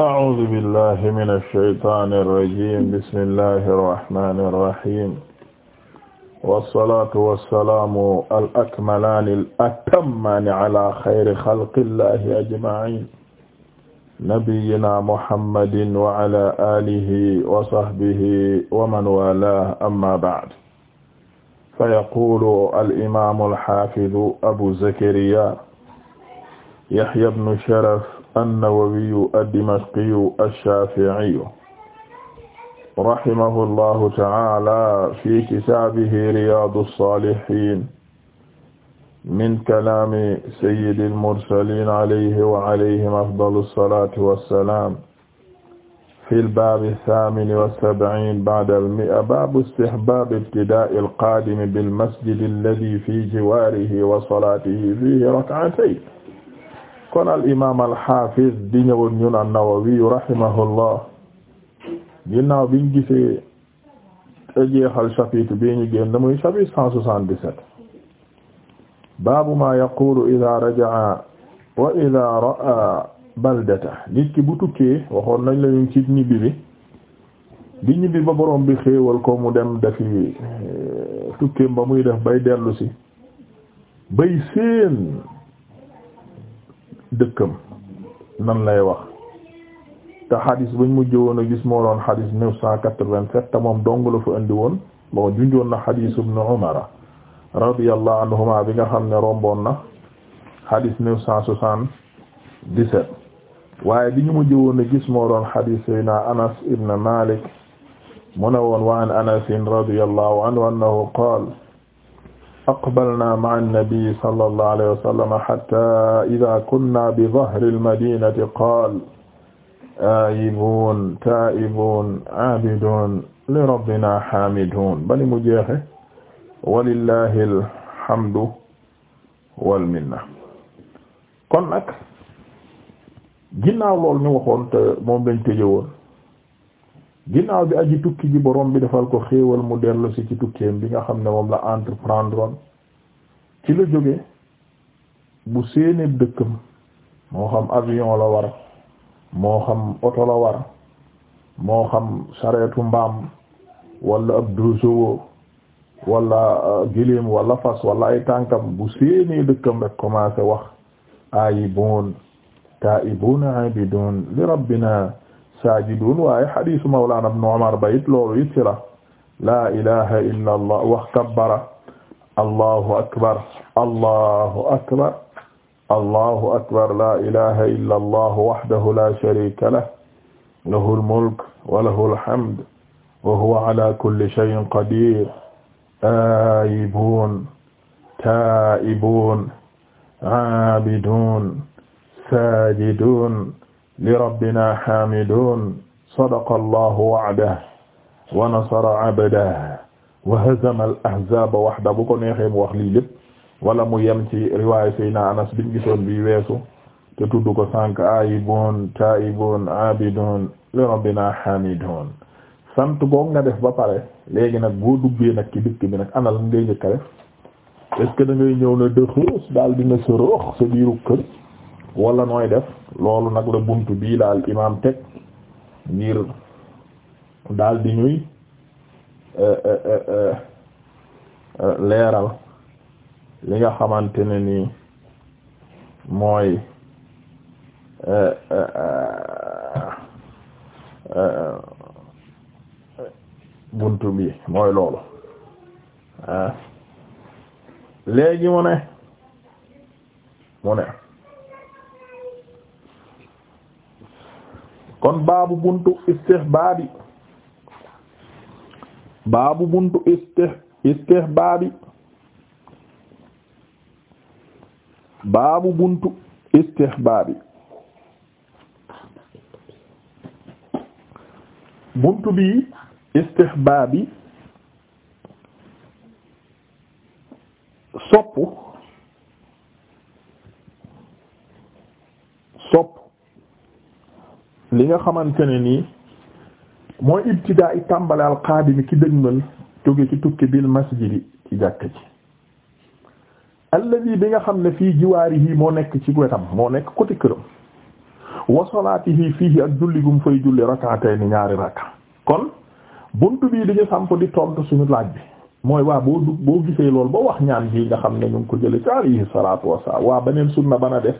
أعوذ بالله من الشيطان الرجيم بسم الله الرحمن الرحيم والصلاة والسلام الأكملان الأتمان على خير خلق الله أجمعين نبينا محمد وعلى آله وصحبه ومن والاه أما بعد فيقول الإمام الحافظ أبو زكريا يحيى بن شرف an-Nawawiyu ad-Dimashqiyu ash-Shafi'iyu rahimahullahu ta'ala fi kitaabihi Riyâdous-Sâlihîne min kalaami sayyidil mursaliin alayhi wa alayhim afdalus salaati wassalaam fil baabi saamini wa sab'iin ba'dal mi'a baabu istihbaabi ibtidaa'il qaadimi bil masjidil lazii fii jiwaarihi wa salaatihi fiihi rak'atayn kon al imaam al xaafiz di ñëwoon ñun an-Nawawi rahimahullah ginnaaw biñ gisee te jeexal chapitre bi ñu génn muy chapitre cent soixante-dix-sept baabu ma yaqulu ida rajaa wa ida ra'a baldata nit ki bu tukkee waxoon nañ la ci ñibbi bi di ñibbi ba borom bi xéewal ko mu dem defi eh, tukkeem ba muy def bay dellu bay seen dëkkam nan lay wax te xadis bañ mujj woon a gis moo doon xadis neuf cent quatre-vingt-sept te moom dong la fa andi woon bon junjoon na xadis ibn Umar radiyallahu anhuma bi nga xam ne romboon na xadis neuf cent soixante dix waaye bi ñu mujj woon a gis moo doon xadis sayna Anas ibn Malik mu ne woon wa an Anas radiyallahu anhu annahu aqbalna ma'a an-nabi sallallahu alayhi wa sallam hatta idha kunna bi dhahri al-madinati qala aibun taibun abidun li rabbina hamidun bani mu jeexe walillahi alhamdu wal minna kon nag ginnaaw lool ñu waxoon te moom lañ tëjewoon ginnaaw bi aji tukki ji boroom bi defal ko xéewal mu dellu si ci tukkeem bi nga xam ne moom la entreprendre ci la joge bu séenee dëkkam moo xam avion la war moo xam oto la war moo xam sareetu mbaam wala ab dosowo walla euh, giléem wala fas wala ay tànkam bu séenee dëkkam rek commencé wax ayibuun ta'ibuuna abidun li rabbina saajidun waaye hadiisu mawlaana ibn Umar bayit loolu it ci la laa ilaha illa allah wax kabbara allahu akbar allahu akbar allahu akbar laa ilaha illa allah wahdahu laa shariika lahu lahul mulku wa lahul hamdu wa huwa alaa kulli shay'in qadiir aayibuun taa'ibuun aabiduun saajiduun li rabbina hamidun sadaqa allahu wa'dahu wa nasara abdahu wa hazama bu ko neexee mu wax lii wala mu yem ci riwaayu Seydina Anas biñ gisoon bi weesu te tudd ko sànq aayibun taa'ibun abidun li rabbina hamidun sant boog nga def ba pare léegi nag boo duggee nag ci dëkk bi nag ana lan ngay njëkk a def est ce que da ngay wala nooy def loolu nag la buntu bii daal imaam teg ngir daal di ñuy eh, eh, eh, leeral li nga xamante ne nii mooy buntu bi mooy loolu léegi mu ne mu ne kon baabu buntu istihbaabi baabu buntu istih istihbaabi baabu buntu istihbaabi buntu bi istihbaabi sopp sopp li nga xamante ne nii mooy ibtidaa i tàmbale al qaadimi ki dëgmal jóge ci tukki bil masjidi ci jàkk ji alladi bi nga xam ne fii jiwaar jiwaarihi moo nekk ci wetam moo nekk côté këram wa salaatihi fii ak julli gum fay julli ni ñaari rakka kon buntu bii dañu samp di tontu suñu laaj bi mooy waa boo dugg boo gisee loolu ba wax ñaan bii nga xam ne ñu ko jële ci alayhi salaatu wassalaam waa beneen sunna bana def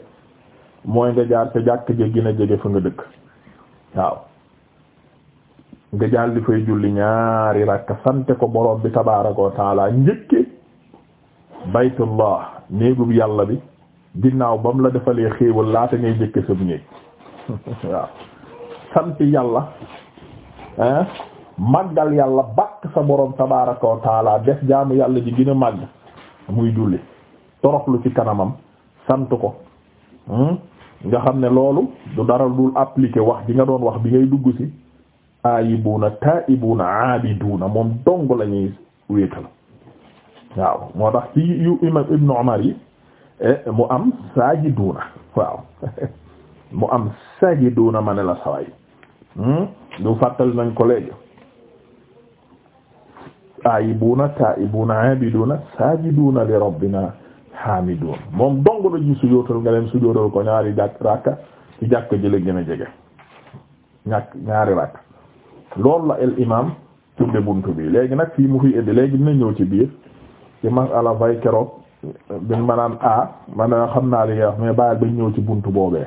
mooy nga jaar ca jàkk ji gën a jege fa nga dëkk waaw nga daal di fay julli ñaari rakka sante ko borom bi tabaaraka wa taala baytullah néegub yàlla bi ginnaaw bam la defalee xéewal laata ngay njëkke sab néeg waaw sant yàlla ah màggal yàlla bàkk sa borom tabaaraka wa taala jaamu yàlla ji gën a màgg muy julli toroxlu ci kanamam sant ko hmm. nga xam ne loolu du dara dul appliquer wax ji nga doon wax bi ngay dugg ci ayibuuna ta'ibuuna aabiduuna moom dong la ñuy waaw moo tax ci yu ibnu Umar yi eh, mu am saajiduuna waaw mu am saajiduuna ma ne la saway hmm? du fàttali nañ ko léegi ayibuuna ta'ibuuna aabiduuna saajiduuna li rabbina xaamidoon moom dong la ñuy sujjóotal nga leen sujjóotal ko ñaari jàkk rakka ci jàkk ji la gën a jege ñàkk ñaari rakk loolu la al imam tudde buntu bi léegi nag fii mu fi indi léegi dina ñëw ci biir ci masala fay keroog bin manaan a ah, man xam naa li ngay wax mais ba bañ ñëw ci buntu boobee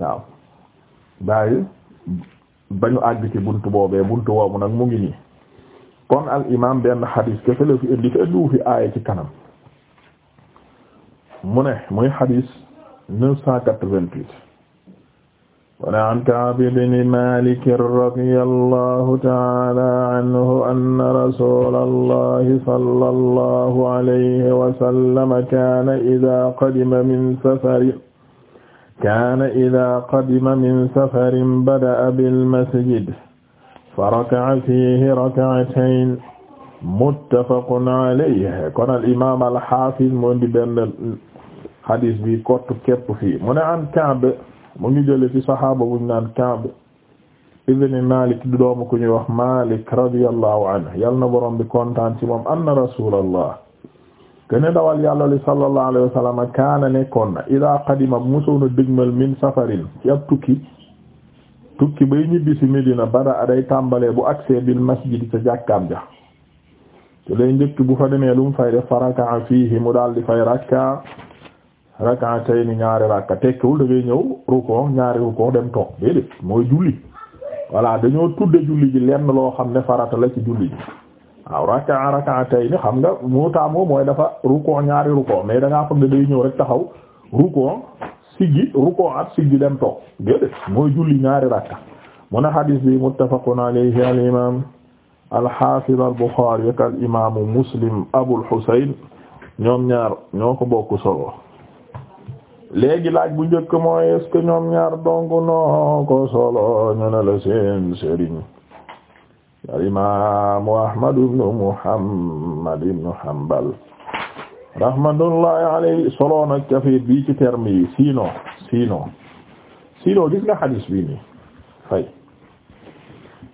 waaw bàyyi bañu àgg ci bunt boobee bunt boobu nag mu ngi nii kon al imam benn xadiis kese la fi indi te indiwu fi aaya ci kanam mu ne muy xadis neuf cent quatre-vingt-huit wane an Ka'b ibn Malik radiyallahu ta'ala anhu anna rasulallahi sallallahu alayhi wa sallam kaana idha qadima min safarin kaana idha qadima min safarin bada'a bil masjid faraka'a fiihi rak'atayn muttafaqun alayhi kon al imaam al haafiz mu di benn hadis bi kott képp fii mu ne an Ka'b mu ngi jële ci saxaaba buñ naan Ka'b ibn Malik di doomu ku ñuy wax Malik radiyallahu anhu yal na borom bi kontaan ci moom anna rasulallah gëne dawal yàlla li sallallahu alayhi wa sallam kaana nekkoon na idaa qadima bu musoona dëgmal min safarin ci ab tukki tukki bay ñibbi ci Medina bada aday tàmbalee bu agsee bil masjid ca jàkkaam ja te lay njëkk bu fa demee lu mu fay def faraka fiihi mu daal fay rakka rak'atayn ni ñaari rakka tekkiwul da ngay ñëw rukoo ñaari rukoo dem toog déedéet mooy julli voilà dañoo tudde julli ji lenn loo xam ne farata la ci julli ji waaw rakka rak'atayn ni xam nga moo taamoo mooy dafa rukoo ñaari rukoo mais da ngaa foog ne day ñëw rek taxaw rukoo siggi rukoo ak siggi dem toog déedéet mooy julli ñaari rakka mu ne xadis bi muttafaqun alayhi al imam al hafiz al muslim abul husayn ñoom ñaar ñoo ko bokk solo léegi laaj bu njëkk mooy est-ce que ñoom ñaar dong noo ko solo ñu ne la seen sëriñ al imaamu Ahmad ibn Muhammad ibn Hanbal rahmatullahi alayhi solo nag cafit bi ci terme yi sinon sinon sinon gis nga xadis bii nii fay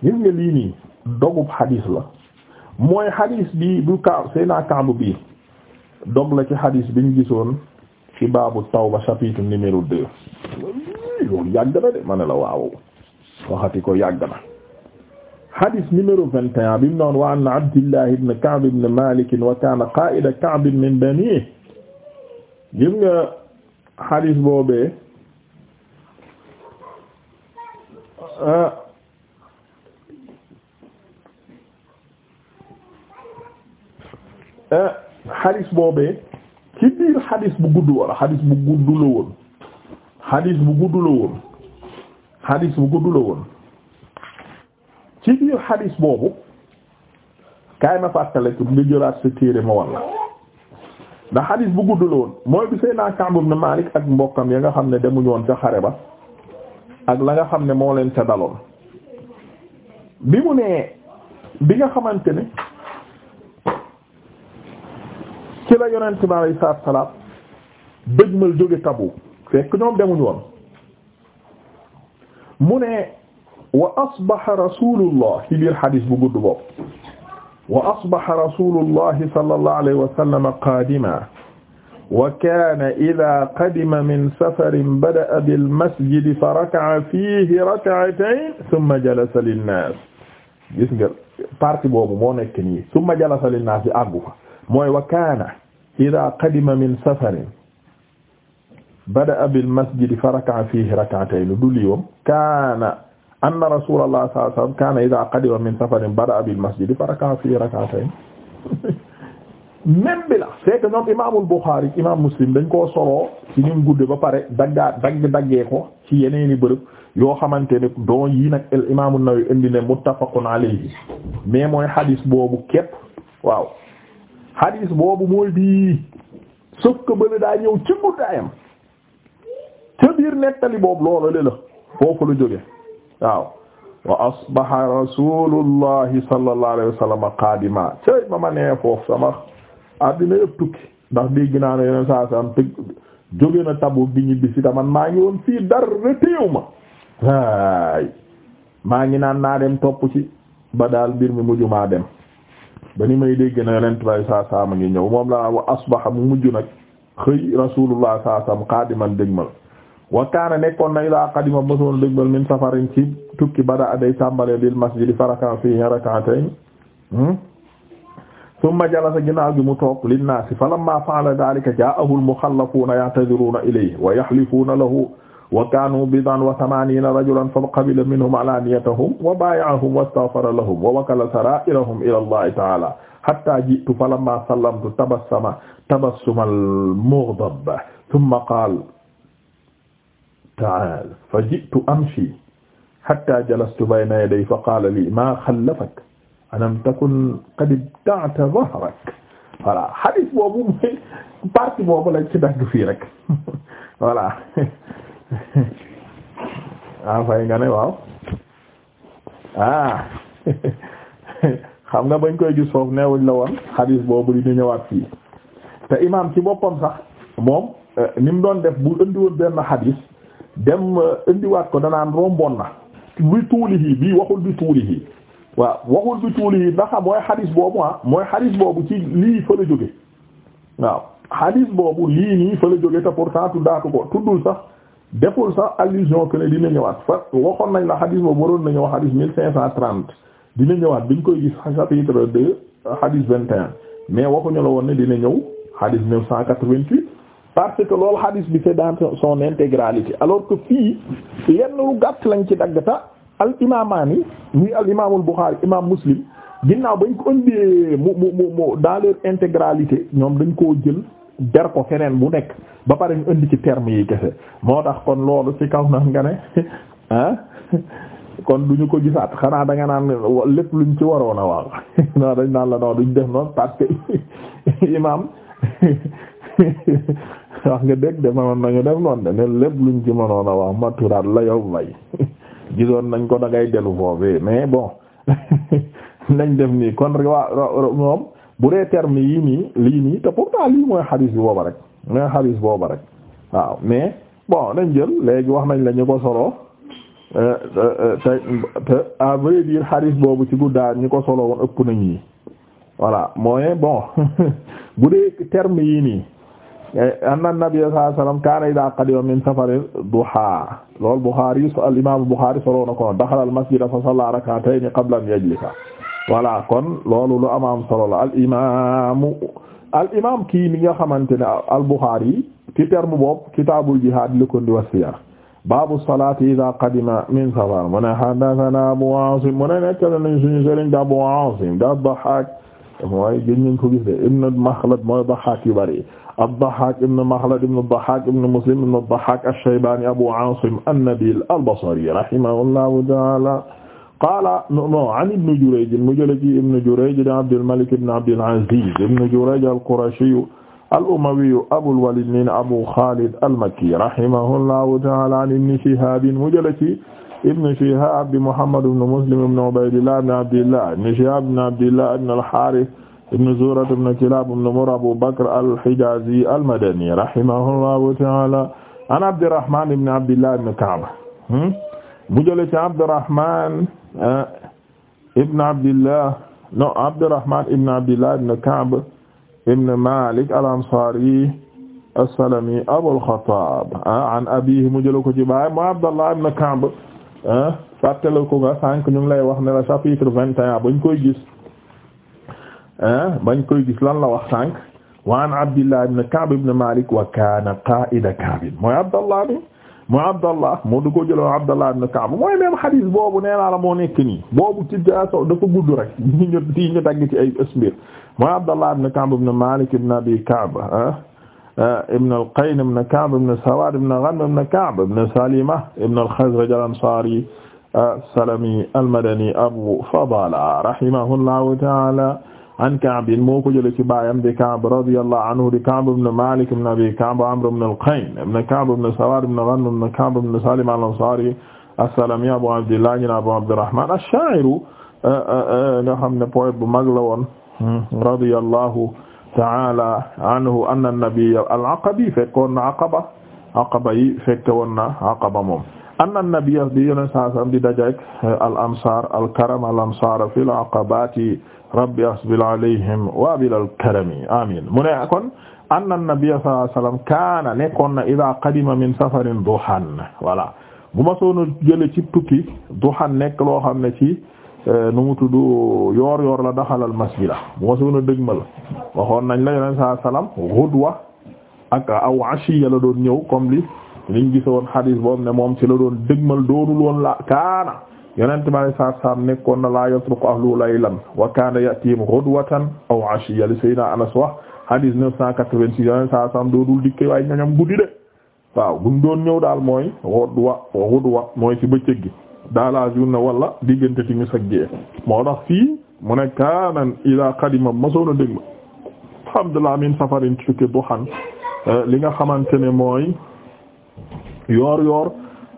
gis nga lii nii dogub xadis la mooy xadis bi bu ka seyna Kaab bi dog la ci xadis biñ gisoon ci baabu tawba chapitre numéro deux loolu yàgg na de ma ne la waaw waxati ko yàgg na hadis numéro vingt et min bani gis nga hadis ci biir xadis bu gudd wala xadis bu gudd la woon xadis bu gudd la woon xadis bu gudd la woon ci biir xadis boobu kaay ma fàttale ko nga jëlaat sa téere ma walla ndax xadis bu gudd la woon mooy bi Seydina Ka'b ibn Malik ak mbokkam ya nga xam ne demuñu woon ca xare ba ak la nga xam ne moo leen ca daloon bi mu nee bi nga xamante ne la yonent bi alayhi salaatu wa salaam dëjmal jóge Tabuk fekk ñoom demuñu woon mu ne wa asbaha rasulullah ci biir xadis bu gudd bopp wa asbaha rasulullah sallallahu alayhi wa sallam qaadima wa kaana idaa qadima min safarin bada'a bil masjidi fa raka'a fiihi rak'atayn summa jalasa linnaas gis nga partie boobu moo nekk nii summa jalasa linnaas bi àggu fa mooy wa kaana ida qadima min safarin bada'a bil masjidi fa raka'a fiihi rak'atayn du liiwam kaana anna rasuulallahi sallallahu alayhi wa sallam kaana ida qadima min safarin bada'a bil masjidi fa raka'a fiihi rak'atayn même bi la c'est que ñoom imaamul Buxaari imaam Muslim dañ koo soloo ci ñu gudde ba pare daggaa dagg daggee ko ci yeneeni bërëb yoo xamante ne don yi nag al imaam an-Nawawi indi ne muttafaqun alayhi mais mooy hadis boobu képp waaw xadiis boobu mooy bii sokka bële ci guddaayam ca biir nettali boobu loola le la foofu la jóge waaw wa asbaha rasulullahi sallallahu alayhi wa sallam qaadima cey ma nee foofu sama addina yëpp ndax dégg naa ne yeneen saa tabu bi ñibbi si taman maa ngi woon fii dar retéew ma maa ngi naan naa dem topp ci ba daal mbir mi ba ni may dégg na yonent bay saa saa ma ngi ñëw moom laa wa asbaha mu mujj nag xëy rasulullah saa sam qaadiman dégmal wa kaana nekkoon na ila qadima mosoon dégmal min safarin ci tukki bada aday tàmbale lil masjidi faraka fi rak'atayn hmm? summa jalasa ginnaaw gi mu toog linnaasi falamma fa'ala dhalika ja'ahu al mukhallafuuna ya'taziruna ilayhi wa yahlifuuna lahu wa kaanu bidan wa thamaniina rajulan fa qabila minhum alaaniyatahum wa baayaahum wastaghfara lahum wa wakala saraa'irahum ila allahi taala hatta ji'tu falamma sallamtu tabassama tabassuma al-mughdab thumma qaala ta'aal fa ji'tu amshi hatta jalastu bayna yaday fa qaala li maa xallafak alam takun qad ibta'ta dhahrak voilà hadith boobu mooy partie boobu lañ ci dagg fii rek voilà ah fay nga ne waaw ah xam nga bañ koy gis foofu neewuñ la woon xadiis boobu di ñu ñëwaat fii te imaam ci boppam sax moom ni mu doon def bu indiwoon benn xadiis dem indiwaat ko danaan romboon na bi tuulihi bii waxul bi tuulihi waaw waxul bi tuulihi ndax mooy xadiis boobu ah, mooy xadiis boobu ci lii fa la jóge waaw xadiis boobu lii nii fa la jóge te pourtant tuddaatu ko tuddul sax deful sax allusion que ne dina ñëwaat fa waxoon nañ la xadis boobu waroon nañu wax xadis mille cinq cent trente dina ñëwaat biñ koy gis chapitre deux xadis vingt et mais waxuñu la woon ne dina ñëw xadis neuf cent quatre-vingt-huit parce que loolu xadis bi c'est dans son intégralité alors que fii yenn lu gàtt lañ ci daggata al imamaani muy al imaamul Buxaari imam Muslim ginnaaw bañ ko ëndee mu mu mu dans leur intégralité ñoom dañ koo jël ber ko feneen bu nekk ba pare ñu indi ci terme yi kese moo tax kon loolu ci kaw na nga ne ah kon du ñu ko gisaat xanaa danga naan lépp luñ ci waroon a waaw non dañ naan la non duñ def noonu parce que imaam wax nga dégg nañu def noonu de ne lépp luñ ci mënoon a wax maturaat la yow bay gisoon nañ ko da ngay dellu foofee mais bon nañ def nii kon moom bu dee terme yii nii lii nii te pourtant lii mooy xadis bi booba rek mooy xadis booba rek waaw mais bon nañ jël léegi wax nañ la ñu ko solo euh, euh, te te à xadis boobu ci guddaa ñi ko solo woon ëpp nañ yi voilà mooy bon bu dee terme yi nii eh, anna nabiyya sallallahu alayhi wasallam kaana idaa qadima min safarin duhaa loolu Buxaari al bu xaari solo na ko daxala al masjida fa salla rak'atayni qabla an yajlisa voilà kon loolu lu am am solo la al imaamu al imaam kii mi nga xamante ne al Bukhari ci terme boobu kitaabul jihaad li ko di wa siyar baabu salaati idaa qadima min safar mu ne haddasanaa Abu Aasim mu ne nekkale nañ suñu sëriñ da Abu Aasim da Dahhaak mooy gën ñu ko gis de ibn Makhlad mooy Dahhaak yu bari ad-Dahhaak ibn Makhlad ibn ad-Dahhaak ibn Muslim ibn ad-Dahhaak ash-Shaybaani Abu Aasim an-Nabiil al-Basri rahimahullahu ta'aala qaala non an ibn Jurayj mu jële ci ibn Jurayj da Abdul Malik ibn Abdul Aziz ibn Jurayj al-Qurashi al-Umawi Abul Walid min Abu Khalid al-Makki rahimahullahu ta'ala an ibn Shihab mu jële ci ibn Shihab Muhammad ibn Muslim ibn Ubaydillah ibn Abdillah ibn Shihab ibn Abdillah ibn al-Harith ibn Zuhra ibn Kilab ibn Murra Abu Bakr al-Hijazi al-Madani rahimahullahu ta'ala an Abdirrahman ibn Abdillah ibn Ka'b hmm? mu jële ci Abdirrahman Euh, ibn abdillah no abdurrahman ibn abdillah ibn ka'b malik al-ansari as-salami abul khattab ah, an abihi mu jëla ko ci baay mu abdallah ibn ka'b ah, fàttala ko nga sànq lay wax ne la chapitre vingt et un bañ koy gis ah, bañ koy gis lan la wax sànq wa an abdillah ibn ka'b ibn malik wa kana qa'ida ka'b mooy mu Abdallah moo du ko jëloo Abdallah ibn Ka'b mooy même xadiis boobu nee naa la moo nekk nii boobu ci dafa gudd rek ñu ñu di ñu dagg ci ay ismir mooy Abdallah ibn Ka'b ibn Malik ibn Abi Ka'b ah, ibn al-Qayn ibn Ka'b ibn Sawad ibn Ghanm ibn Ka'b ibn Salima ibn al-Khazraj al-Ansari as-Salami ah, al-Madani Abu Fadala rahimahullahu ta'ala an Ka'b moo ko jëlee ci baayam di Ka'b radiyallahu anhu di Ka'b ibn Malik ibn Abi Ka'b Amr ibn al-Qayn ibn Ka'b ibn Sawar ibn Ghanm ibn Ka'b ibn Salim al-Ansari as-Salami Abu Abdillah ibn Abu Abdurrahman ash-sha'ir euh, euh, euh, nga xam ne poète bu mag la woon radiyallahu ta'ala anhu anna an-nabiyya al-Aqabi fekkoon na Aqaba Aqaba yi fekke woon na Aqaba moom anna an-nabiyya di yoneen saa sam di dajeek al-ansar al-karam al-ansar fil aqabati rabbi asbil alayhim wa bilal karami amin mu ne kon anna nabiyya sallallahu alayhi wasallam kaana nekkoon na ida qadima min safarin duhan voilà bu ma soona jële ci tukki duhan nekk loo xam ne ci eh, nu mu tudd yor yoor la daxalal masjida bu ma soona dëgmal waxoon nañ la yoneen sallallahu alayhi wasallam ghudwa aw ashiya la doon ñëw comme li liñ gisoon hadis boobu ne moom ci la doon dëgmal doonul la kaana yonent bi alayhi salaatu salaam nekkoon na laa yatruku ahlu laylan wa kaana ya'tiihim ghadwatan aw 'ashiyyan li a Anas wax hadis 986 yonent saa salaam doo dul dikk waaye ñoñam guddi de waaw bu ñu doon ñëw daal mooy ghadwa ghadwa mooy ci bëccëg gi daal la journée wala diggante timis ak gée moo tax fii moo ne kaana idaa qadima masoon a dégg ma alhamdulillah min safarin tukki duhan li nga xamante ne mooy yoor yoor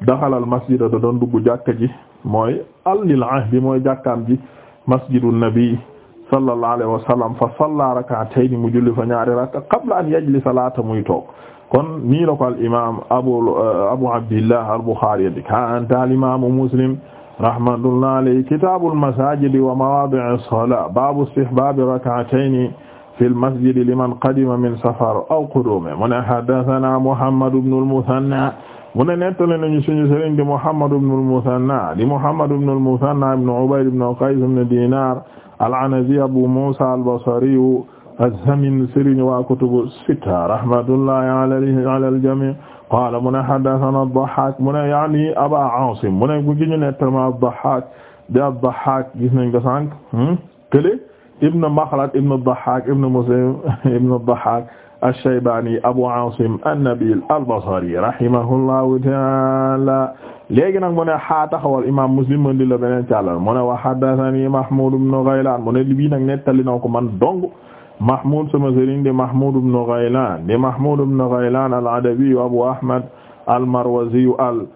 daxalal masjida da doon dugg jàkka ji mooy allil ahdi mooy jàkkaam ji masjidu nabi sallallahu alayhi wa sallam fa salla rak'atayn mu julli fa ñaari rakka qabla an yajlisa laata muy toog kon nii la ko al imaam abu euh, abu abdillah al buxaari di kaanta al imaamu muslim rahmatullahi alayhi kitaabul masaajidi wa mawaadi'is salaa baabu istihbaabi rak'atayni fil masjidi liman qadima min safar aw quduumi mu ne haddasanaa muhammad ibnul musanna mu ne nettali nañu suñu sëriñ di Muhammad ibn al-Muthanna di Muhammad ibn al-Muthanna ibn Ubayd ibn Qays ibn Dinar al-Anazi Abu Musa al-Basri az-Zamin sëriñ wa kutubu sitta rahmatullahi alayhi ala al-jami' qala mu ne haddathana ad-Dahhak mu ne yaani Aba Asim mu ne bu gi ñu nettali ma ad-Dahhak di ad-Dahhak gis nañ ko sànq hmm, kële ibn Makhlad ibn ad-Dahhak ibn Muslim ibn ad-Dahhak ash-Shaybani Abu Asim an-Nabil al-Basri rahimahullahu ta'ala léegi nag mu ne xaa taxawal imaam Muslim mën di la beneen càllal mu ne wa haddathani Mahmoud ibn Ghaylan mu ne bii nag nettali na ko man dong Mahmoud sama sëriñ di Mahmoud ibn Ghaylan di Mahmoud ibn Ghaylan al-Adawi Abu Ahmad al-Marwazi al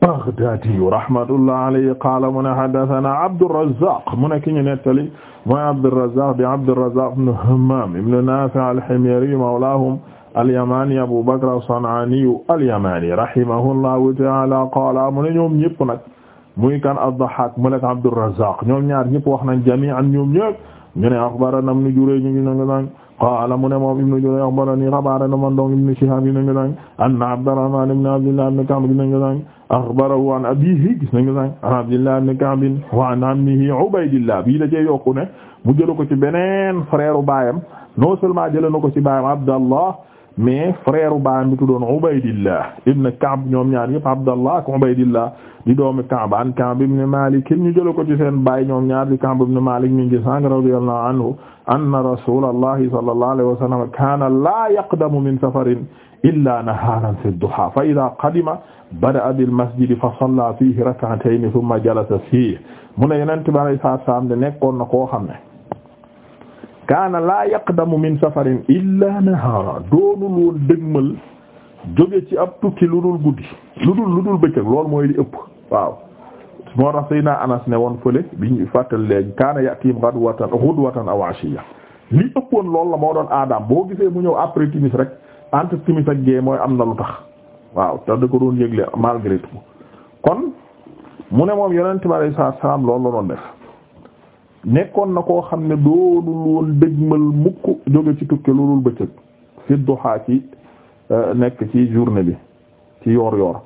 Baghdaadiyu rahmatullah alayhi qaala mu ne haddasanaa Abdurrazaaq mu ne ki ñu nettali mooy Abdurrazaaq di Abdurrazaaq ibn Hammaam ibn Naafi' al-Himyari mawlaahum al-Yamaani Abu Bakr as-San'aaniyu al-Yamaani rahimahullahu ta'aala qaala mu ne ñoom ñëpp nag muy kan ad-Dahhaak mu nekk Abdurrazaaq ñoom ñaar ñëpp wax nañ jamii'an ñoom ñëpp ñu ne axbaranaa Ibn Jurayj ñu ngi qaala mu ne moom ibnu Jurayj axbarani xabaarana man dong ibnu Shihaab gis nañu sànq anna Abdurrahmaan ibnu Abdillah ibnu Ka'b gis nañu sànq axbarahu an abiihi gis nañu sànq an Abdillah ibnu Ka'b wa an ammihi Ubaydillah bii la cee yokku ne mu jël ko ci beneen frère baayam non seulement jël na ko ci baayam Abdallah mais frère baam bi tuddoon Ubaydillah ibn Ka'b ñoom ñaar yëpp Abdallah ak Ubaydillah di doomi Ka'b an Ka'b ibn Malik ñu jël ko ci seen baay ñoom ñaar di Ka'b ibn Malik mi ngi sang radiyallahu anhu anna rasulallahi sallallahu alayhi wa sallam kana la yaqdamu min safarin illa naharan fi duha fa ida qadima bada'a bil masjid fa salla fihi rak'atayn thumma jalasa fihi mu ne yenente bi alay saatu salaam de nekkoon na koo xam ne kaana laa yaqdamu min safarin illa nahara doonul woon dëgmal jóge ci ab tukki lu dul guddi lu dul lu dul bëccëg lool mooy li ëpp waaw moo tax Seydina Anas ne woon fële bi ñu fàttali léegi kaana yatiim ghadwatan ghudwatan aw ashiya li ëppoon loolu la moo doon aadaam boo gisee mu ñëw après timis rek entre timis ak gée mooy am na lu tax waaw te da ko doon yëgle malgré tout kon mu ne moom yonent bi alayhi salaam loolu la doon def nekkoon na koo xam ne doonul woon dëgmal mukk jóge ci tukki loolul bëccëg fi duha ci euh, nekk ci journée bi ci yoor yoor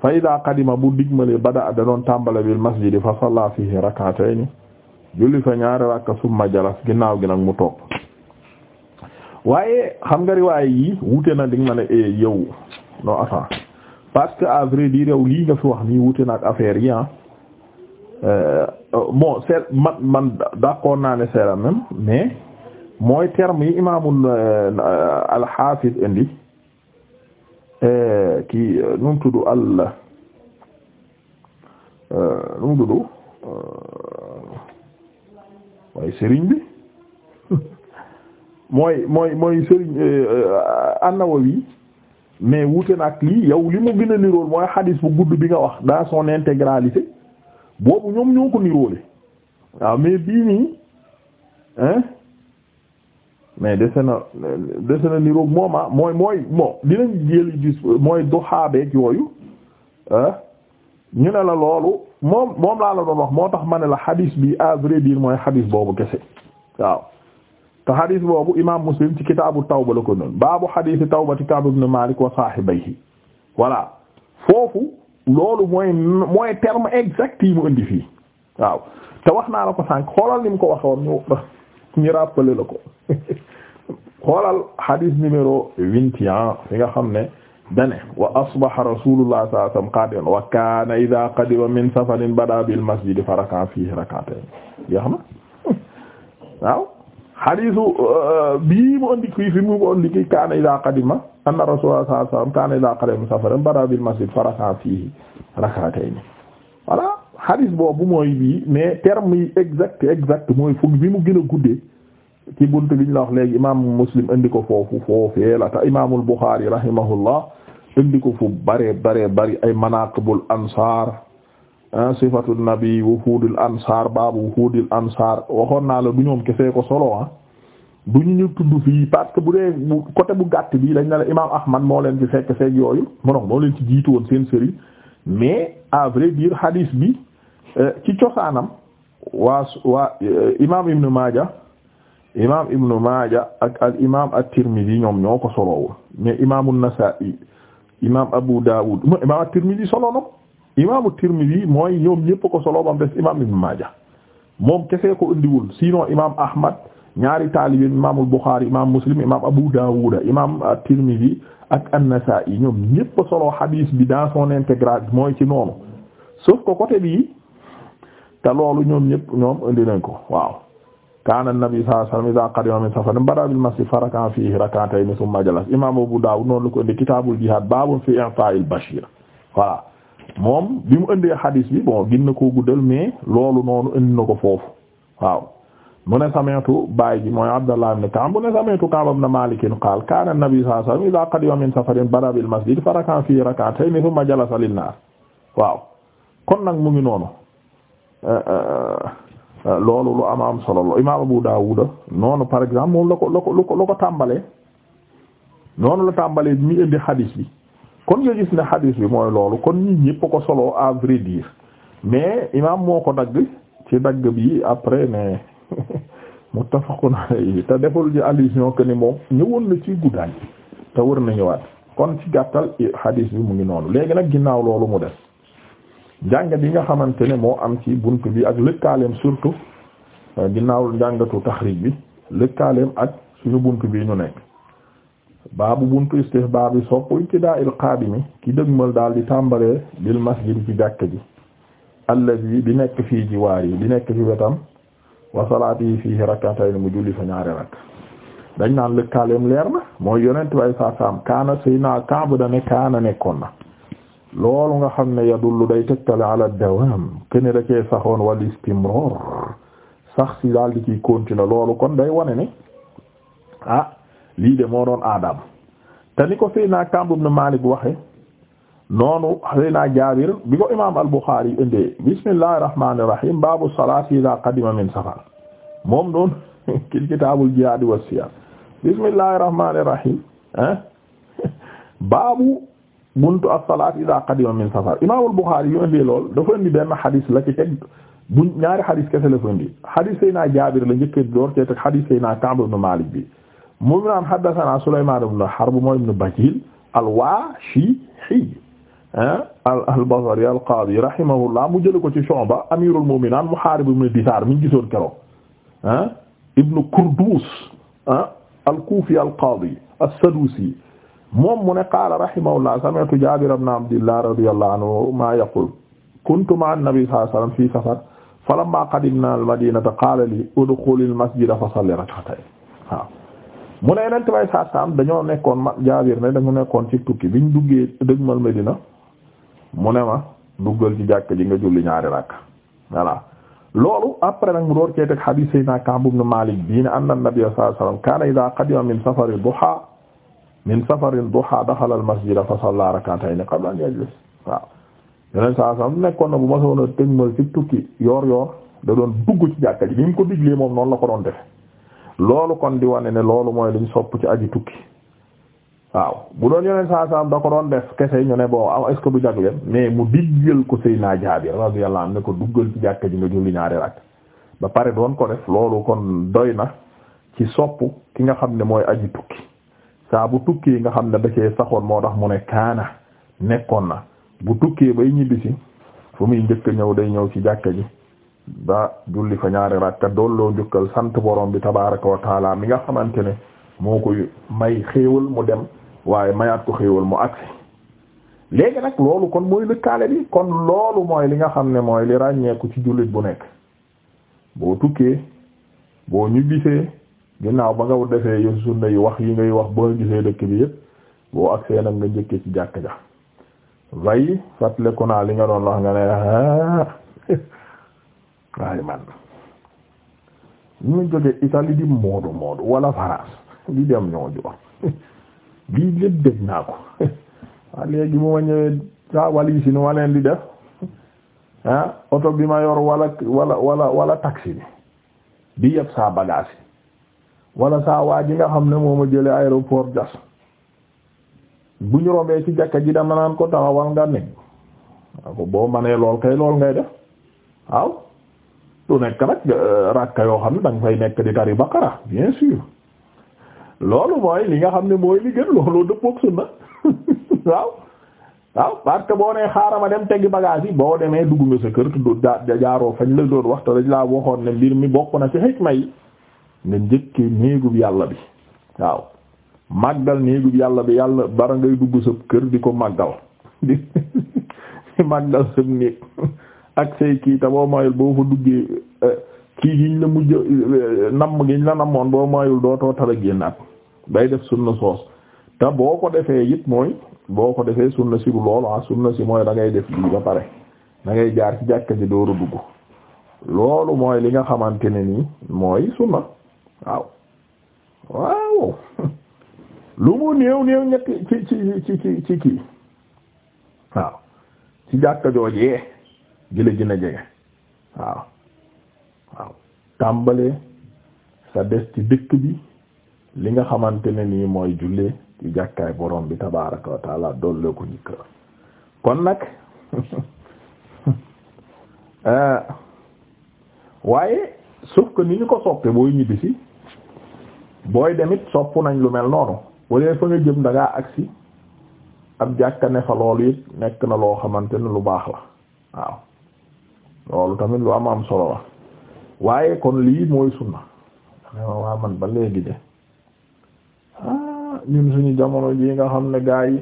fa ida qadima bu digmale bada da doon tàmbale bil masjidi fa salla fihi rak'atayn julli fa ñaari rakka summa ginnaaw gi nag mu toog waaye xam nga riwaay yi wute na dig ma ne eh, yow non attends parce que à vrai dire lii nga fi wax nii wute na ak affaire yi ah euh, Euh, bon c'est man man d'accord naa ne c'est la même mais mooy terme yi imaamul euh, al indi euh, kii nu mu tudd al nu mu tudd mooy Serigne bi mooy mooy mooy Serigne An-Nawawi mais wuute na ak lii yow li mu gën a mooy hadith bu gudd bi nga wax dans son intégralité. boobu ñoom ñoo ko niroole waaw mais bii nii hein mais dese na dese na niroog mooma ah, mooy mooy moo dinañ jëli gis mooy doxaabeeg yooyu ñu ne la loolu moom moom laa la doon wax moo tax ma ne la xadis bi à vrai dire mooy xadis boobu kese waaw te xadis boobu imaam muslim ci kitaabu ba la ko baa noonu baabu xadisi tawbati Ka'b ibn Malik wa saahibayhi voilà foofu loolu mooy mooy terme exact yi mu indi fii waaw te wax naa la ko sànq xoolal ni mu ko waxoon ñu ñu rappelé la ko xoolal hadith numéro vingt et fi nga xam ne dane wa asbaha rasulullah sallallahu alayhi wasallam wa kana idha qadima min safarin bada bil masjid fa raka'a fihi rak'atayn yeex waaw xadiisu uh, uh, bi mu andi kii fi mu andi kii kaana idaa qadima anna rasuulullaah sallallaahu alayhi wa masjid fa raka'a fiihi rak'atayni voilà boobu mooy bii mais terme yi exact exact mooy bi mu gën a guddee ci buntu bi la wax léegi imaamu muslim andi ko foofu foofee la te imaamul buxaari rahimahullah andi ko fu bare bare bari ay manaaqibul ansaar Ah, sifatu nabi wufuudul ansaar baabu wufuudul ansaar waxoon naa la du ñoom kese ko solo ah du ñu ñu tudd fii parce que bu dee bu côté bu gàtt bi dañ ne la imaam Ahmad moo leen ci fekk feeg yooyu moom moo leen ci jiitu woon seen sëriñ mais à vrai dire bi euh, ci cosaanam waa waa euh, imaam Ibn Maaja imaam Ibn Maaja ak al imaam at-Tirmidhi ñoom ñoo ko solowul mais imaam an-Nasaa'i imaam Abu Daawud imaam at-Tirmidhi solo na imaamu Tirmidhi mooy ñoom ñëpp ko solo bam des imaam Ibn Maaja moom kese ko indiwul sinon imaam Ahmad ñaari taalibe imaamul Bukhari imaam Muslim imaam Abu Dawud imaam Tirmidhi ak an ñoom ñëpp solo hadith bi son intégral mooy ci noonu sauf ko côté bii te loolu ñoom ñëpp ñoom indi nañ ko waaw kaana an-nabi sallallahu alayhi wasallam min safarin bada'a bil masjid fa raka'a fihi rak'atayn thumma jalasa imaam Abu Dawud noonu la ko indi kitaabul jihaad moom bi mu indee xadiis bi bon gin na koo guddal mais loolu noonu indi na ko foofu waaw mu ne sameetu baay ji mooy Abdallah ibn Ka'b mu ne sameetu Ka'b ibn Malik qaal kaana an-nabi sallallahu alayhi wa sallam idha qadima min safarin bada bil masjid fa raka'a fihi rak'atayn thumma jalasa lin-naas waaw kon nag mu ngi noonu eh, eh, eh, loolu lu am am solo imaam Abu Daawuda noonu par exemple moom la ko la ko la ko tàmbalee noonu la tàmbalee mi indi xadiis bi kon nga gis ne hadis bi mooy loolu kon ñi ñëpp ko solo à vrai dire mais imam moo ko dagg ci dagg bi après ne muttafaqun na te deful ji allusion que ni moom ñëwoon na ci guddaay te wër na ñëwaat kon ci gàttal hadis bi mu ngi noonu léegi nag ginnaaw loolu mu des njàngat yi nga xamante ne moo am ci bunt bi ak lëkkaaleem surtout euh, ginnaaw njàngatu taxrij bi lëkkaaleem ak suñu bunt bi ñu nekk baabu buntu istihbaab bi sopp ibtidaa'il qaadimi ki dëgmal daal di tàmbalee bil masjid ci jàkka ji allazi bi nekk fii jiwaar yi bi nekk fi wetam wa salaati fiihi rak'atayn mu julli fa ñaari rakk dañ naan lëkkaaleem leer na mooy yonent bay saa saam kaana sëy naa kaabu da kaana nekkoon na loolu nga xam ne yadullu day tegtale ala dawam kene da cee saxoon wal istimrar sax si daal di ciy continuer loolu kon day wane ne ah lii de moo doon aadam te ni ko Seydina Ka'b ibn Malik waxe noonu Seydina Jaabir bi ko imaam al-Bukhari indee bismillahir rahmanir baabu salaati idaa qadima min safar moom doon kii kitaabul jihaad wa siyar bismillahir rahmanir rahim ah baabu buntu as-salaat idaa qadima min safar imaamul Bukhari yu indee lool dafa indi benn xadis la ci teg ñaari xadis kese la fa indi xadis Seydina Jaabir la njëkk door cee teg xadis Seydina Ka'b Malik bi. mu ngi naan haddasanaa Sulaymaan ibn Harb mooy ibn Bakiil al-Waashi'i ah, al-Basri al-Qaadi rahimahullah mu jëlee ko ci Shu'ba amiirul mu'miniin Muhaarib ibn Disaar mi ngi gisoon keroog ah ibn Kurduus ah al-Kuufi al-Qaadi as-Saduusi moom mu ne qaala rahimahullah sami'tu Jaabir ibn Abdillah radiyallahu anhu maa yaquul kuntu ma'a an-nabi sallallahu alayhi wa sallam fii safar falammaa qadimnaa al-madiinata qaala lii udxulil masjida fa salli rak'atayn waaw mu ne yeneen tibay saa saam dañoo nekkoon ma jaabir ne dañu nekkoon ci tukki biñ duggee dëgmal Medina mu ne ma duggal ci jàkk ji nga julli ñaari rakk voilà loolu après nag mu door cee teg hadith sayna Ka'b ibn Malik bii ne anna an-nabiy sallallahu alayhi wasallam kana idha qadima min safari duha min safarin duha dakhala al-masjid fa salla rak'atayn qabla an yajlis waaw yeneen saa saam nekkoon na bu ma soona dëgmal ci tukki yoor yoor da doon dugg ci jàkk ji ni mu moom noonu la ko doon defe loolu kon di wane ne loolu mooy liñ sopp ci aji tukki waaw bu doon yoneen saa saam da ko doon def kese ñu ne bon aw est ko que du jagleem mais mu diggal ko Seydina Jaabir yàlla am ne ko duggal ci jàkka ji nga julli ñaari rak ba pare doon ko def loolu kon doy na ci sopp ki nga xam ne mooy aji tukki saa bu tukki nga xam ne da cee saxoon moo tax mu ne kaana nekkoon na bu tukkee bay ñibbisi fu muy njëkk ñëw day ñëw ci jàkka ji ba julli fa ñaari dool loo njukkal sant borom bi tabaraka wa taala mi nga xamante ne moo koy may xéewal mu dem waaye mayaat ko xéewal mu agsi léegi nag loolu kon mooy dëkkaale bi kon loolu mooy li nga xam ne mooy li ràññeeku ci jullit bu nekk boo tukkee boo ñu ñibbisee ginnaaw ba nga defee yu sunna yi wax yi ngay wax boo gisee dëkk bi yëpp boo agsee nag nga njëkkee ci jàkk ja vayi fàttaleku naa li nga doon wax nga ne ah, waaye man ñu jóge Italie di moodu moodu wala France di dem ñoo joor lii lépp dégg naa ko waa léegi bu ma ñëwee saa wali nu ma di def ah oto bi ma yor wala wala wala wala taxi bi di yeb saa bagage wala saa waa nga xam ne moo ma jëlee aéroport jas bu ñu rombee ci jàkka ji dama naan ko taxawal nga nekk ko boo manee lool kay lool ngay def waaw lu nekk nag euh, rakka yoo xam ne da nga fay nekk di tari baqara bien sûr loolu mooy li nga xam ne mooy li gën loolu dëppoo sunna waaw waaw parce boo nee xaaral ma dem teggi bagage yi boo demee dugg nga sa kër tudd ja jaaroo fañ la doon waxta dañ laa waxoon ne mbir mi bokk na ci xikma yi nga njëkki néegub yàlla bi waaw màggal néegub yàlla bi yàlla bara ngay dugg sa kër di ko màggal màggal sa néeg ak say kii te boo mayul boo fa duggee eh, kii giñ la mujj eh, namm gi la namoon boo mayul dootoo tala génnaat day def sunna soos te boo ko defee it mooy boo ko defee sunna si bu loolu ah sunna si mooy da ngay ba pare da jaar ci jàkka ji dooru dugg li nga xamante ne nii mooy sunna waaw waaw lu mu néew néew ñetti ci ci ci ci ci kii waaw ci jàkka joojee gile gën a jege waaw waaw tàmbalee sa des ci dëkk bi li nga xamante ne nii mooy jullee ci jàkkaay borom bi tabaraka wa taala dolle ko njëkk kon nag euh, waaye sauf que ni ñu ko soppe booy ñibbisi booy demit sopp nañ lu mel noonu walee fa nga jëm da agsi ab jàkka ne fa loolu it nekk na loo xamante ne lu baax la waaw loolu tamit lu am am solo la waaye kon lii mooy sunna waa man ba léegi de ah ñun suñu jamono ji nga xam ne gaa yi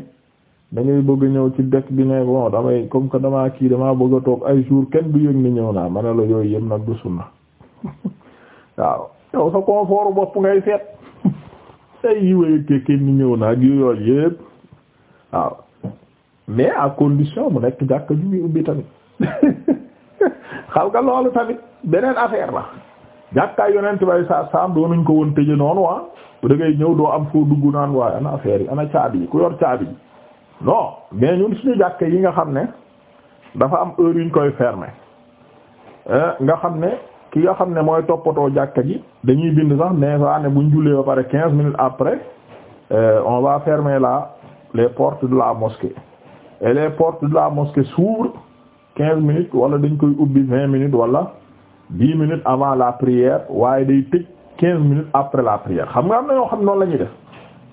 dangay bëgg ñëw ci dëkk bi ne bon damay comme que damaa kii damaa bëgg a toog ay jour kenn du yëg ni ñëw naa ma ne la yooyu yëpp nag du sunna waaw yow sa confort bopp ngay seet ay yiwee kenn ni ñëw naa ak yooyu yëpp waaw mais à condition mu nekk jàkk ju ubbi tamit xam nga loolu tamit beneen affaire la jàkkaay yonent bay sa saam doonuñ ko woon tëje noonu waa ah. da ngay ñëw doo am foo dugg naan waaye ana affaire yi a caabi yi ku yor caabi yi non ñu ñun suñu jàkka yi nga xam ne dafa am heure yuñ koy fermer eh, nga xam ne ki nga xam ne mooy toppatoo jàkka ji dañuy bind sax mais ça bu buñ jullee ba pare quinze minutes après eh, on va fermer la les portes de la mosquée et les portes de la mosquée s'ouvrent quinze minutes wala dañ koy ubbi vingt minutes wala dix minutes avant la prière waaye day tëj quinze minutes après la prière xam nga am na ñoo xam noonu la ñuy def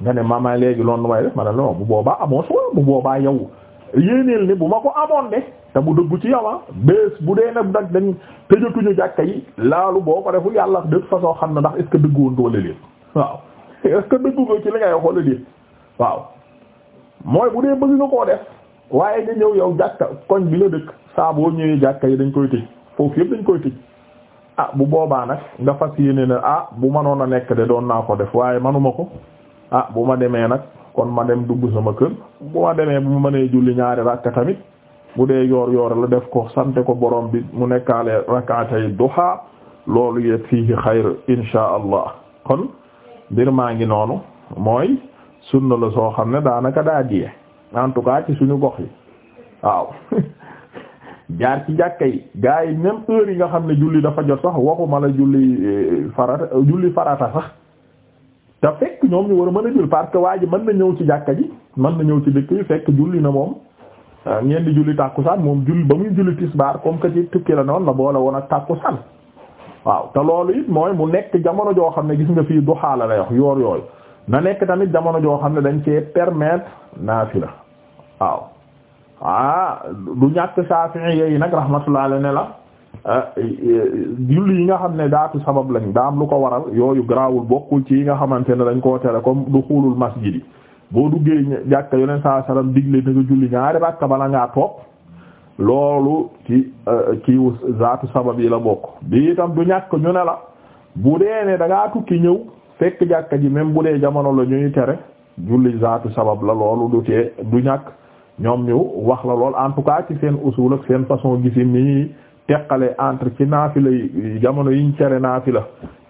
nga ne mama léegi loolu nu may def ma ne la bu boobaa amoo solo bu boobaa yow yéeneel ni bu ma ko amoon de te mu dëggu ci yow ah bés bu dee nag nag dañ tëjatuñu jàkka yi laalu boo ko deful yàlla de toute façon xam na ndax est ce que dëggu woon doole lépp waaw est dëggu nga ci li ngay xool lépp waaw mooy bu dee bëgg nga koo def waaye ñëw yow jàkka bi la dëkk. saa boo ñëwee jàkka yi dañ koy tëj foofu yëpp dañ koy tëj ah bu boobaa nag nga fas yéene ne ah bu manoon a nekk de doon naa ko def waaye manuma ko ah bu ma demee nag kon ma dem dugg sama kër bu ma demee bu ma mënee julli ñaari rakka tamit bu dee yoor yoor la def ko sante ko boroom bi mu nekkaale rakkaatay duha loolu yëpp fii ci xayr insha allah kon mbir maa ngi noonu mooy sunna la soo xam ne daanaka daa jiyee en tout cas ci suñu gox yi waaw jaar ci jàkka yi gaa yi même heure yi nga xam ne julli dafa jot sax waxuma la julli eh, farata julli farata sax te fekk ñoom ñu war a mën a jul parce que waa ji mën na ñëw ci jàkka ji mën na ñëw ci dëkk yi fekk julli na moom ngeen ah, di julli tàkkusaan moom julli ba muy julli tisbaar comme que ci tukki la noonu la boole woon ak tàkkusaan waaw te loolu it mooy mu nekk jamono joo xam ne gis nga fii duhaa la lay wax yoor yooyu na nekk tamit jamono joo xam ne dañ cee permettre naafila waaw ah du ñàkk Shafi'i yi nag rahmatullah ala ne la eh, julli yi nga xam ne daatu sabab lañ daa am lu ko waral yooyu garaawul bokkul ci yi nga xamante ne dañ koo tere comme du xulul masjid yi boo duggee jàkka yoneen saa salaam digle na nga julli ñaari ràkka bala ngaa toog loolu ci kiiwu eh, zaatu sabab yi la bokk bi itam du ñàkk ñu ne la bu dee ne da tukki ñëw fekk jàkka ji même bu dee jamono la ñuy tere julli zaatu sabab la loolu du tee du ñàkk ñoom ñu wax la lool en tout cas ci seen usul ak seen façon gisin ni ñuy teqale entre ci naafila yi jamono yiñ cere la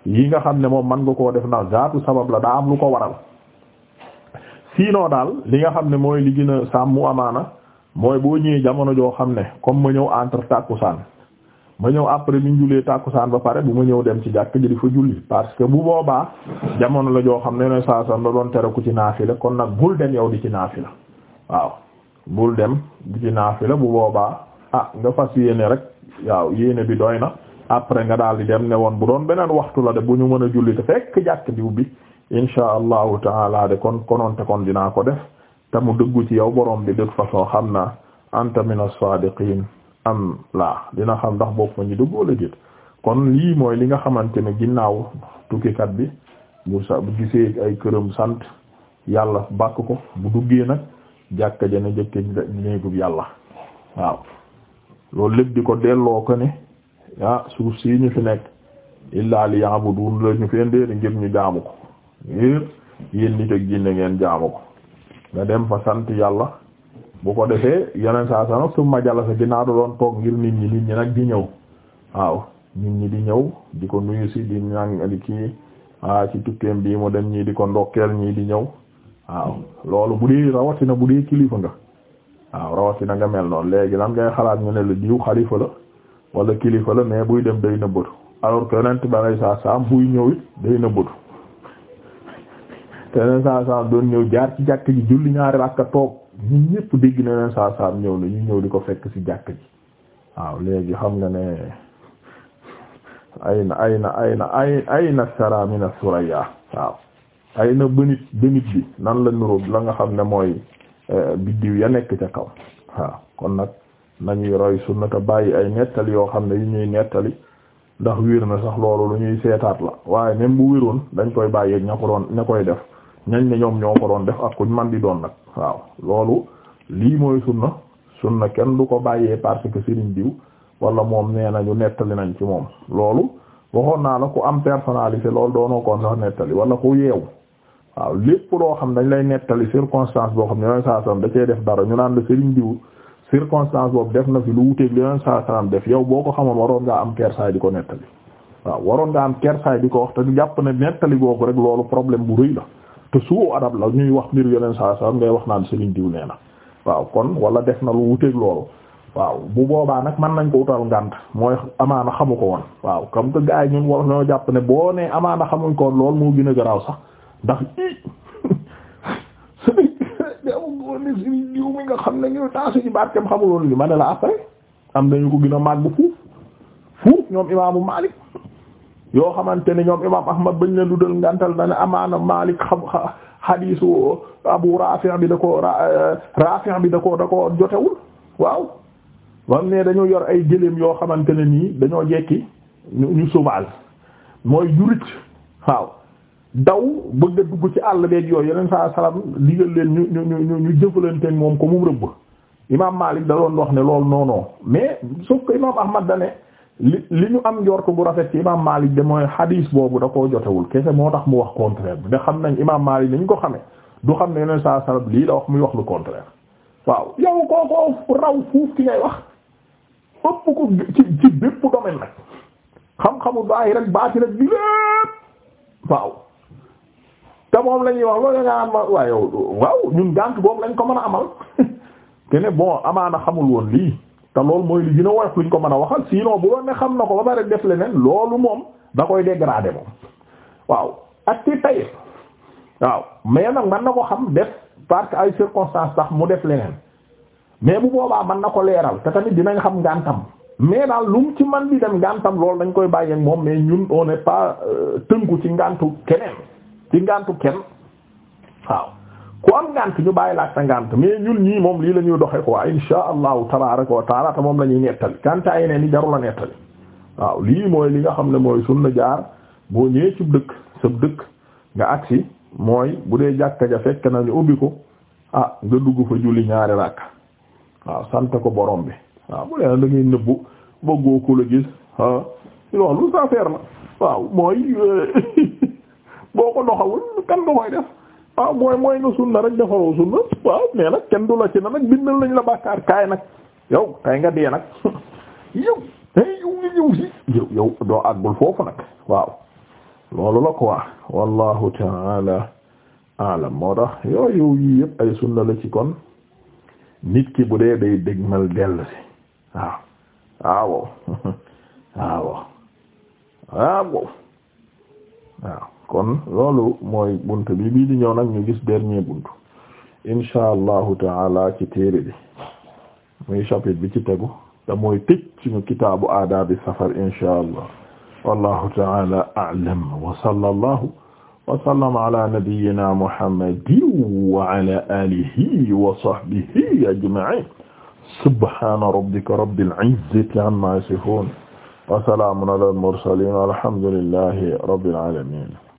yi nga xam ne moom man nga koo def ndax zaatu sabab la daa am lu ko waral sinon daal li nga xam ne mooy li gën a sàmmu amaana mooy boo ñëwee jamono joo xam ne comme ma ñëw entre tàkkusaan ma ñëw après bi ñu julee tàkkusaan ba pare bu ma ñëw dem ci jàkk ji di fa julli parce que bu boobaa jamono la joo xam ne ne saa saa la doon tere ku ci naafila kon nag bul dem yow di ci naafila waaw bul dem di ci naafila bu boobaa ah nga fas yéene rek waaw yéene bi doy na après nga daal di dem ne woon bu doon beneen waxtu la de bu ñu mën a julli te fekk jàkk diw bi insha allahu taala de kon konoon te kon dinaa ko def te mu dëggu ci yow boroom bi de façon xam naa anta min as-sadiqin am laa dina xam ndax bokk ma ñu dëggoo la jët kon lii mooy li nga xamante ne ginnaaw tukkikat bi bu sa bu gisee ay këram sant yàlla bàkk ko bu duggee nag jàkka ja na jëkke néegub yàlla waaw loolu lépp di ko delloo ko ni ah suuf sii ñu fi nekk illaa li ya'budun la ñu fen déeri ngir ñu jaamu ko ngir yéen nit ak ngeen jaamu ko nga dem fa sant yàlla bu ko defee yeneen saa sana summa jalasa ginnaaw da doon toog ngir nit ñi nit ñi nag di ñëw waaw nit ñi di ñëw di ko nuyu si di ñàng di kii ah ci tukkeem bii mu dem ñii di ko ndokkeel ñii di ñëw waaw loolu bu dee rawatina bu dee kilifa nga waaw rawatina nga mel noonu léegi lan xalaat ñu ne la diw xalifa la wala kilifa la mais buy dem day nëbbatu alors que yonent ba saa saam buy ñëw it day nëbbatu te yonent saa saam doon ñëw jaar ci jàkk ji julli ñaari rakka toog ñu ñëpp dégg na saa saam ñëw na ñu ñëw di ko fekk ci jàkk ji waaw léegi xam nga ne ayna ayna ayna ayna ayna sara mina waaw ay na bënit bënit bi nan la nuró la nga xam ne mooy eh, biddiw ya nekk ca kaw waaw kon nag nañuy roy sunna te bàyyi ay nettali yoo xam ne yu ñuy nettali ndax wér na sax loolu lu ñuy seetaat la waaye même bu wéroon dañ koy bàyyi ña ko doon ña koy def ñañ ne ñoom ñoo ko doon def ak kuñ man di doon nag waaw loolu lii mooy sunna sunna kenn du ko bàyyee parce que sëriñ diw wala moom nee nañu nettali nañ ci moom loolu waxoon naa la ku am personnalité loolu doonoo koon sax nettali wala ku yeew waaw lépp loo xam dañ lay nettali circonstance boo xam ne yoneen saa salaam da cee def dara ñu naan la sëriñ diw circonstance boobu def na fi lu wuteeg li yoneen saa salaam def yow boo ko xamoon waroon ngaa am kersaay di ko nettali waaw waroon ngaa am kersaay di ko wax te jàpp ne nettali boobu rek loolu problème bu rëy la te suu adab la ñuy wax mbir yoneen saa salaam ngay wax naan sëriñ diw nee na waaw kon wala def na lu wuteeg loolu waaw bu boobaa nag mën nañ ko utal ngànt mooy amaana xamu ko woon waaw comme que gars yi ñun war ñoo jàpp ne boo nee amaana xamuñ ko woon loolu moo gën a garaaw sax ndax i dama ne sëriñ diw mi nga xam xamuloon li ma ne la après am nañu ko gën a màgg fuuf fuuf ñoom imaamu Malik yoo xamante ne ñoom imaam Ahmad bañ lu dudal ngantal na ne amaana Malik xam xadiisu Abu Rafi' bi da ko Rafi' euh, bi da ko da ko jotewul waaw bam ne dañoo yor ay gëléem yoo xamante ne nii dañoo jekki ñu ñu sumaal mooy jurit waaw daw bëgg a dugg ci àll beeg yooyu yeneen saa salaam digal leen ñu ñu ñu ñu jëfalante moom ko mu rëbb imaam Maalik da doon wax ne loolu non non mais sauf que imaam Ahmad da li li ñu am njort bu rafet ci imaam Maalik de mooy hadis boobu da koo jotewul kese moo tax mu wax contraire bi nga xam nañ imaam Maalik ni ñu ko xamee du xam ne yeneen saa salaam lii la wax muy wax lu contraire waaw yow kookoo raw fuuf ki ngay wax ëpp ko ci ci bépp domaine nag xam-xamu zaahir te moom la ñuy wax loolu nga am waaye waaw ñun gànt boobu lañ ko mën a amal te ne bon amaana xamul woon lii te loolu mooy li gën woyof luñ ko mën a waxal sinon bu doon ne xam na ko ba pare def leneen loolu moom da koy dégradé moom waaw ak ci tayet waaw mais nag man na ko xam def parce ay circonstances sax mu def leneen mais bu boobaa man na ko leeral te tamit dinañ xam ngàntam mais daal lu mu ci man di dem ngàntam loolu dañ koy bàyyeeg moom mais ñun on n'est pas euh, ci ngàntu keneen ci ngantu kenn waaw ku am ngant ñu bàyyi laaj sa ngant mais ñun ñii moom lii la ñuy doxee quoi insha allahu tabaraka wa taala moom la ñuy nettali ngante ay nee ni a nettali waaw lii mooy li nga xam ne mooy sunna jaar boo ñëwee ci dëkk sa dëkk nga agsi mooy bu dee jàkka ja fekk na ñu ubbi ko ah nga dugg fa julli ñaari ràkk waaw sant ko borom bi waaw bu leen da nëbbu bëggoo ko la gis ah loolu sa affaire la waaw mooy euh, boo ko doxawul kan nga def waaw ah mooy mooy nga sunna rek defaroo sunna waaw mais nag kenn du la ci na nag bindal nañ la bàkkaar kaay nag yow tay nga dee nag yow yow yow la quoi yii yëpp ay sunna la ci kon nit ki bu dee day dégmal dell si waaw waaw waaw waaw waaw kon loolu mooy bunt bi bii di ñëw nag ñu gis dernier bunt insha allahu taala ci téere bi muy bi ci tegu te mooy tëj suñu kitaabu aadaabi safar insha allah wallahu taala a'lam wa sallallahu wa sallama ala wa ala alihi wa sahbihi ajma'in subhana